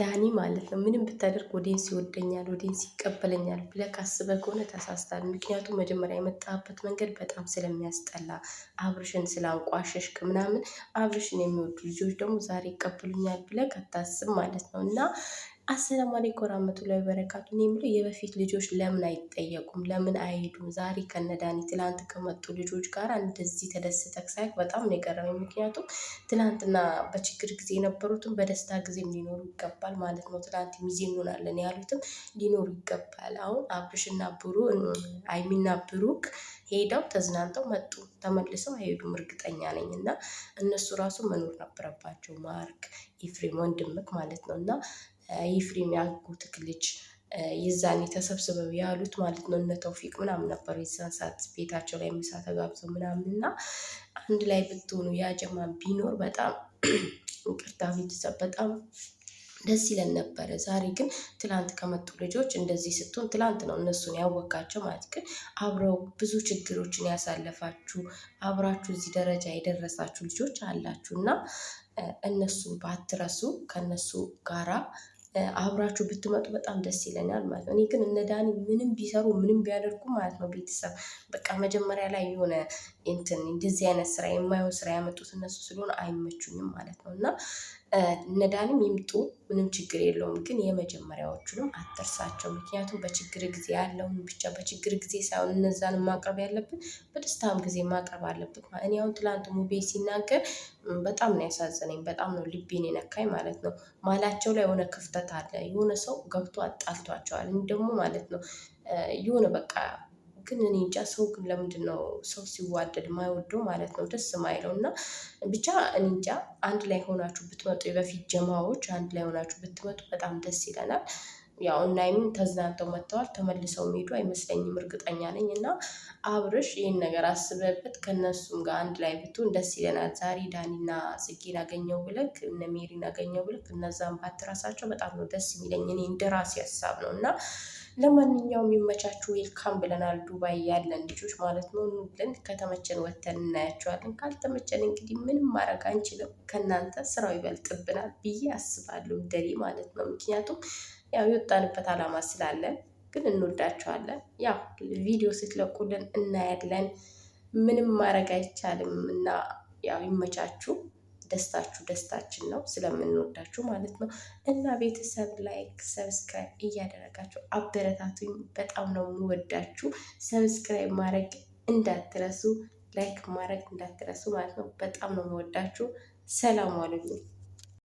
ዳኒ ማለት ነው ምንም ብታደርግ ኦዲየንስ ይወደኛል፣ ኦዲየንስ ይቀበለኛል ብለህ ካስበህ ከሆነ ተሳስታል። ምክንያቱም መጀመሪያ የመጣበት መንገድ በጣም ስለሚያስጠላ አብርሽን ስላንቋሸሽክ ምናምን አብርሽን የሚወዱ ልጆች ደግሞ ዛሬ ይቀበሉኛል ብለህ አታስብ ማለት ነው እና አሰላሙ አለይኩም ወራህመቱላሂ ወበረካቱ። እኔ የምለው የበፊት ልጆች ለምን አይጠየቁም? ለምን አይሄዱም? ዛሬ ከነዳኒ ትላንት ከመጡ ልጆች ጋር እንደዚህ ተደስተህ ሳይክ በጣም ነው የገረመኝ። ምክንያቱም ትላንትና በችግር ጊዜ የነበሩትም በደስታ ጊዜ ሊኖሩ ይገባል ማለት ነው። ትላንት ሚዜ እንሆናለን ያሉትም ሊኖሩ ይገባል። አሁን አብርሽና ብሩ አይሚና ብሩክ ሄደው ተዝናንተው መጡ፣ ተመልሰው አይሄዱም እርግጠኛ ነኝ። እና እነሱ ራሱ መኖር ነበረባቸው ማርክ ኢፍሬም ወንድምክ ማለት ነው እና የኤፍሬም ያጎትክ ልጅ የዛኔ ተሰብስበው ያሉት ማለት ነው። እነ ተውፊቅ ምናምን ነበሩ የዛን ሰዓት ቤታቸው ላይ ምሳ ተጋብዘው ምናምን እና አንድ ላይ ብትሆኑ ያጀማ ቢኖር በጣም ይቅርታ ቤተሰብ በጣም ደስ ይለን ነበረ። ዛሬ ግን ትላንት ከመጡ ልጆች እንደዚህ ስትሆን ትላንት ነው እነሱን ያወቃቸው ማለት ግን አብረው ብዙ ችግሮችን ያሳለፋችሁ አብራችሁ እዚህ ደረጃ የደረሳችሁ ልጆች አላችሁ እና እነሱን ባትረሱ ከእነሱ ጋራ አብራችሁ ብትመጡ በጣም ደስ ይለኛል ማለት ነው። እኔ ግን እነ ዳኒ ምንም ቢሰሩ ምንም ቢያደርጉ ማለት ነው ቤተሰብ በቃ መጀመሪያ ላይ የሆነ እንትን እንደዚህ አይነት ስራ የማየው ስራ ያመጡት እነሱ ስለሆነ አይመቹኝም ማለት ነው እና እነዳንም ይምጡ ምንም ችግር የለውም። ግን የመጀመሪያዎቹንም አትርሳቸው። ምክንያቱም በችግር ጊዜ ያለውን ብቻ በችግር ጊዜ ሳይሆን እነዛን ማቅረብ ያለብን በደስታም ጊዜ ማቅረብ አለብን። እኔ አሁን ትላንት ሙቤ ሲናገር በጣም ነው ያሳዘነኝ። በጣም ነው ልቤን የነካኝ ማለት ነው። ማላቸው ላይ የሆነ ክፍተት አለ። የሆነ ሰው ገብቶ አጣልቷቸዋል። ደግሞ ማለት ነው የሆነ በቃ ግን እኔ እንጃ ሰው ግን ለምንድን ነው ሰው ሲዋደድ ማይወደው ማለት ነው? ደስ ማይለው እና ብቻ እኔ እንጃ አንድ ላይ ሆናችሁ ብትመጡ የበፊት ጀማዎች አንድ ላይ ሆናችሁ ብትመጡ በጣም ደስ ይለናል። ያው እናይም ተዝናንተው መጥተዋል። ተመልሰው የሚሄዱ አይመስለኝም እርግጠኛ ነኝ። እና አብርሽ ይህን ነገር አስበበት ከነሱም ጋር አንድ ላይ ብትሆን ደስ ይለናል። ዛሬ ዳኒና ጽጌን አገኘው ብለክ እነ ሜሪን አገኘው ብለክ እነዛን ባት ራሳቸው በጣም ነው ደስ የሚለኝ እኔ እንደራሴ ሀሳብ ነው እና ለማንኛውም የሚመቻችሁ ዌልካም ብለናል። ዱባይ ያለን ልጆች ማለት ነው ብለን ከተመቸን ወተን እናያቸዋለን። ካልተመቸን እንግዲህ ምንም ማድረግ አንችልም። ከእናንተ ስራው ይበልጥብናል ብዬ አስባለሁ፣ ማለት ነው። ምክንያቱም ያው የወጣንበት ዓላማ ስላለን ግን እንወዳቸዋለን። ያው ቪዲዮ ስትለቁልን እናያለን። ምንም ማድረግ አይቻልም እና ያው ይመቻችሁ። ደስታችሁ ደስታችን ነው፣ ስለምንወዳችሁ ማለት ነው። እና ቤተሰብ ላይክ፣ ሰብስክራይብ እያደረጋችሁ አበረታቱኝ። በጣም ነው የምወዳችሁ። ሰብስክራይብ ማድረግ እንዳትረሱ፣ ላይክ ማድረግ እንዳትረሱ ማለት ነው። በጣም ነው የምወዳችሁ። ሰላም አሉልኝ።